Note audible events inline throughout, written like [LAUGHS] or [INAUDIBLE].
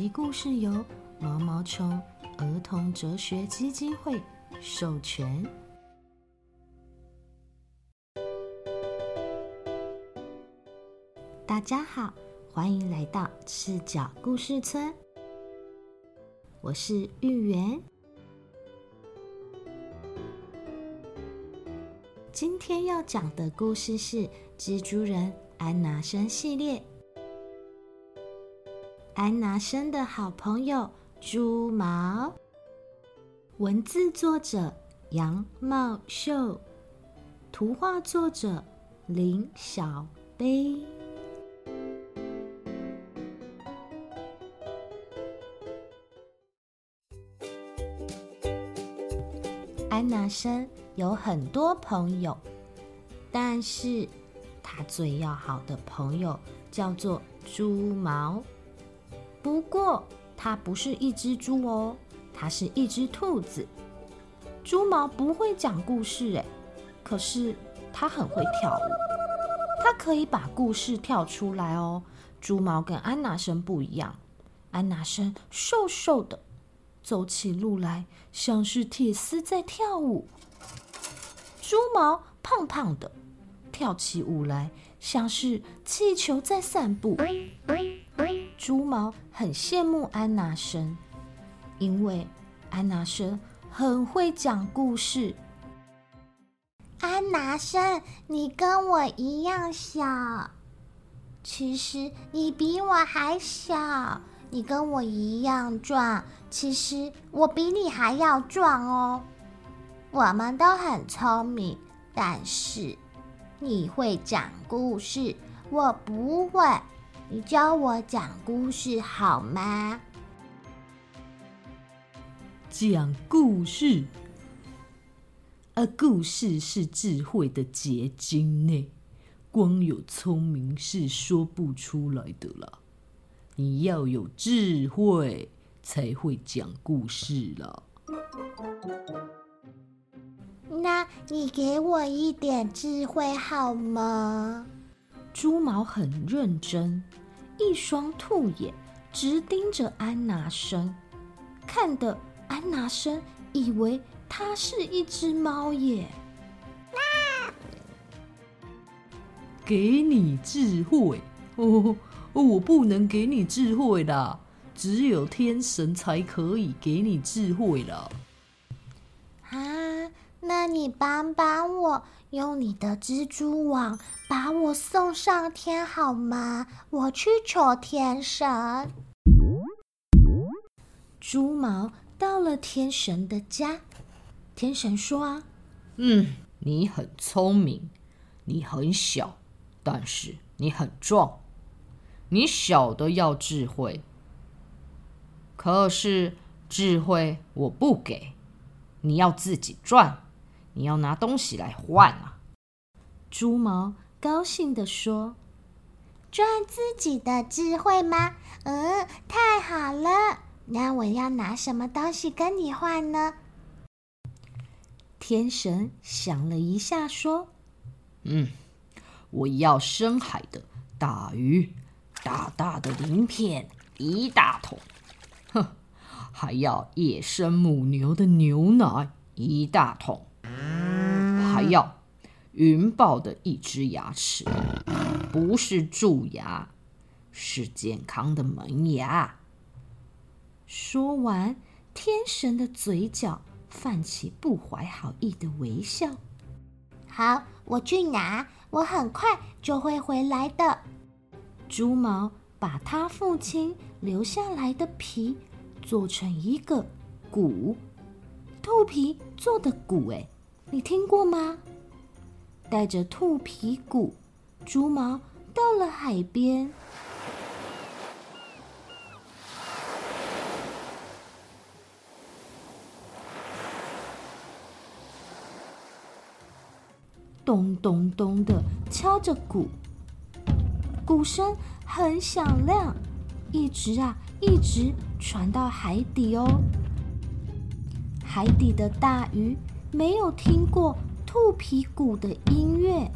集故事由毛毛蟲兒童哲學基金會授權。大家好，歡迎來到赤腳故事村，我是玉園。今天要講的故事是《蜘蛛人安拿生》系列。安拿生的好朋友豬毛，文字作者楊茂秀，圖畫作者林小杯。安拿生有很多朋友，但是他最要好的朋友叫做豬毛。不過，它不是一隻豬哦，它是一隻兔子。豬毛不會講故事誒，可是它很會跳舞。它可以把故事跳出來哦。豬毛跟安拿生不一樣，安拿生瘦瘦的，走起路來像是鐵絲在跳舞；豬毛胖胖的，跳起舞來像是氣球在散步。嗯嗯豬毛很羨慕安拿生，因為安拿生很會講故事。安拿生，你跟我一樣小，其實你比我還小。你跟我一樣壯，其實我比你還要壯哦。我們都很聰明，但是你會講故事，我不會。你教我講故事好嗎？講故事，啊，故事是智慧的結晶耶。光有聰明是說不出來的啦。你要有智慧才會講故事啦。那你給我一點智慧好嗎？豬毛很認真，一雙兔眼直盯着安拿生，看得安拿生以為他是一隻貓耶。給你智慧哦，哦，我不能給你智慧的，只有天神才可以給你智慧了。啊，那你幫幫我。用你的蜘蛛網把我送上天好嗎？我去求天神。豬毛到了天神的家，天神說：“啊，嗯，你很聰明，你很小，但是你很壯，你小的要智慧，可是智慧我不給，你要自己賺。”你要拿東西來換啊！豬毛高興地說：“賺自己的智慧嗎？嗯，太好了。那我要拿什麼東西跟你換呢？”天神想了一下說：“嗯，我要深海的大魚，大大的鱗片，一大桶。哼，還要野生母牛的牛奶，一大桶。”還要雲豹的一隻牙齒，不是蛀牙，是健康的門牙。說完，天神的嘴角泛起不懷好意的微笑。好，我去拿，我很快就會回來的。豬毛把他父親留下來的皮做成一個鼓，兔皮做的鼓，欸。你聽過嗎？帶着兔皮鼓，豬毛，到了海邊，咚咚咚的敲着鼓，鼓聲很響亮，一直啊一直傳到海底哦。海底的大魚。沒有聽過兔皮鼓的音樂，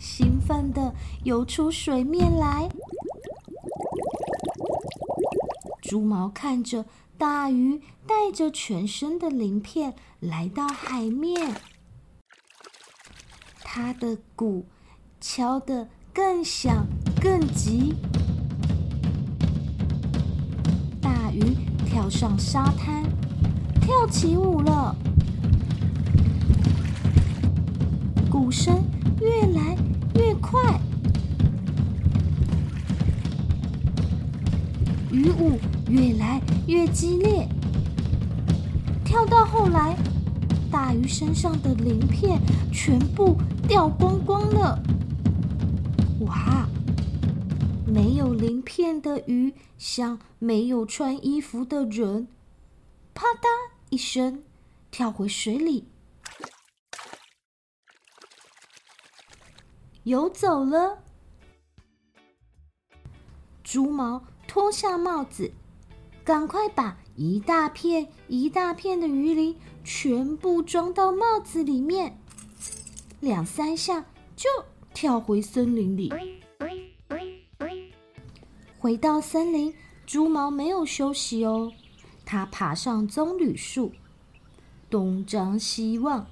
興奮地游出水面來。豬毛看着大魚帶着全身的鱗片來到海面，它的鼓敲得更響更急。大魚跳上沙灘，跳起舞了。聲越來越快，魚舞越來越激烈。跳到後來，大魚身上的鱗片全部掉光光了。哇！沒有鱗片的魚像沒有穿衣服的人，啪嗒一聲跳回水裡。游走了，豬毛脫下帽子，趕快把一大片一大片的魚鱗全部裝到帽子裡面，兩三下就跳回森林裡。回到森林，豬毛沒有休息哦，它爬上棕櫚樹，東張西望。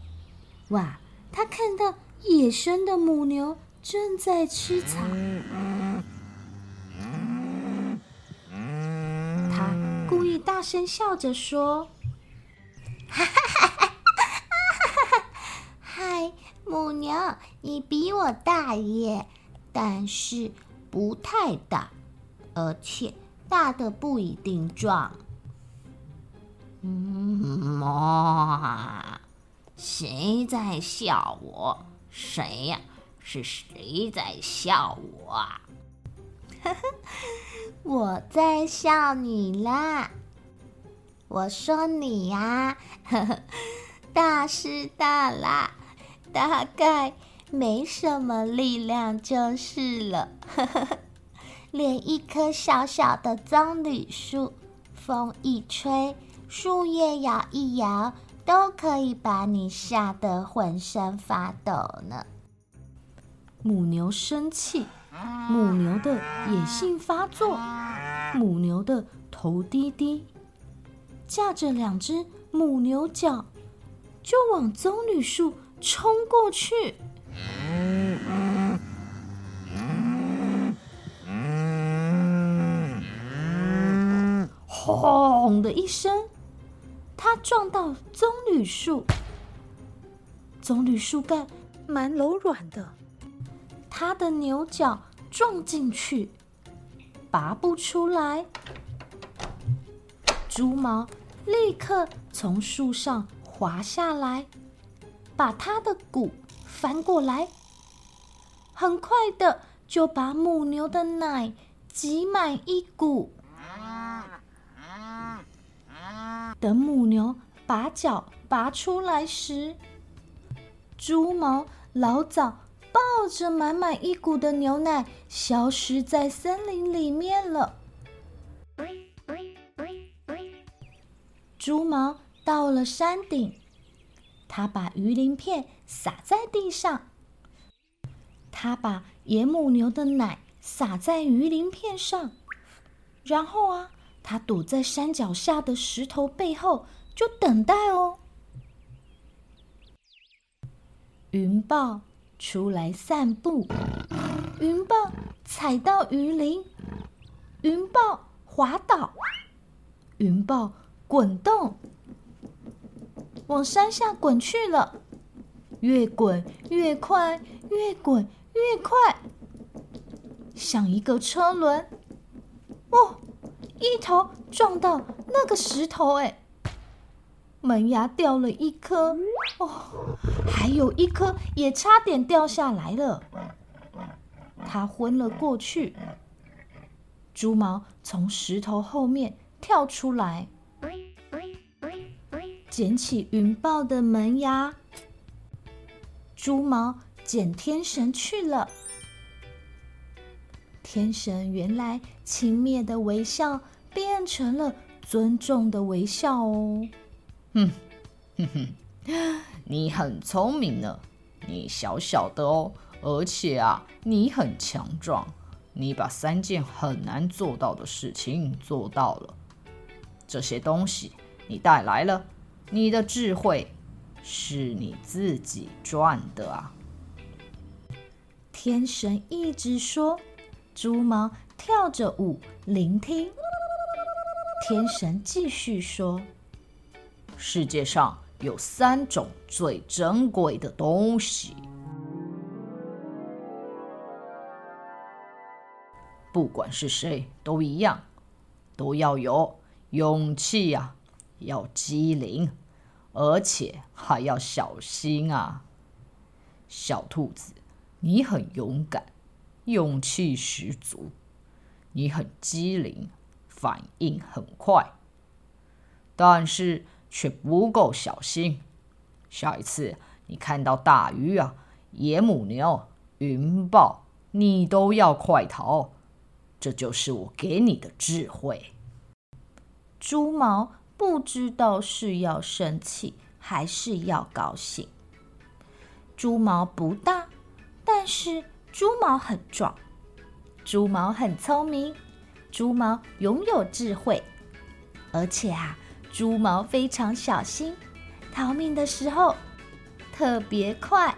哇，它看到。野生的母牛正在吃草，它故意大聲笑着說：“哈、嗯嗯嗯、哈哈哈哈！嗨，Hi, 母牛，你比我大耶，但是不太大，而且大的不一定壯。”“嗯嘛？誰在笑我？”誰呀、啊？是誰在笑我、啊？ [LAUGHS] 我在笑你啦！我說你呀、啊，呵呵，大是大啦，大概沒什麼力量就是了，呵呵呵，連一棵小小的棕櫚樹，風一吹，樹葉搖一搖。都可以把你嚇得渾身發抖呢。母牛生氣，母牛的野性發作，母牛的頭低低，架着兩隻母牛角，就往棕櫚樹衝過去，轟 [LAUGHS] 的一聲。它撞到棕櫚樹，棕櫚樹幹蠻柔軟的，它的牛角撞進去，拔不出來。豬毛立刻從樹上滑下來，把它的骨翻過來，很快的就把母牛的奶擠滿一骨。等母牛把腳拔出來時，豬毛老早抱着滿滿一股的牛奶，消失在森林裡面了。豬毛到了山頂，他把魚鱗片撒在地上，他把野母牛的奶撒在魚鱗片上，然後啊。他躲在山腳下的石頭背後，就等待哦。雲豹出來散步，雲豹踩到魚鱗，雲豹滑倒，雲豹滾動，往山下滾去了。越滾越快，越滾越快，像一個車輪。哦。一頭撞到那個石頭，欸，哎，門牙掉了一顆，哦，還有一顆也差點掉下來了。他昏了過去。豬毛從石頭後面跳出來，撿起雲豹的門牙。豬毛見天神去了。天神原來輕蔑的微笑變成了尊重的微笑哦，哼哼哼，你很聰明呢，你小小的哦，而且啊，你很強壯，你把三件很難做到的事情做到了，這些東西你帶來了，你的智慧是你自己賺的啊。天神一直說。豬毛跳着舞聆聽天神繼續說：“世界上有三種最珍貴的東西，不管是誰都一樣，都要有勇氣呀、啊，要機靈，而且還要小心啊。”小兔子，你很勇敢。勇氣十足，你很機靈，反應很快，但是卻不夠小心。下一次你看到大魚啊、野母牛、雲豹，你都要快逃。這就是我給你的智慧。豬毛不知道是要生氣還是要高興。豬毛不大，但是。豬毛很壯，豬毛很聰明，豬毛擁有智慧，而且啊，豬毛非常小心，逃命的時候特別快。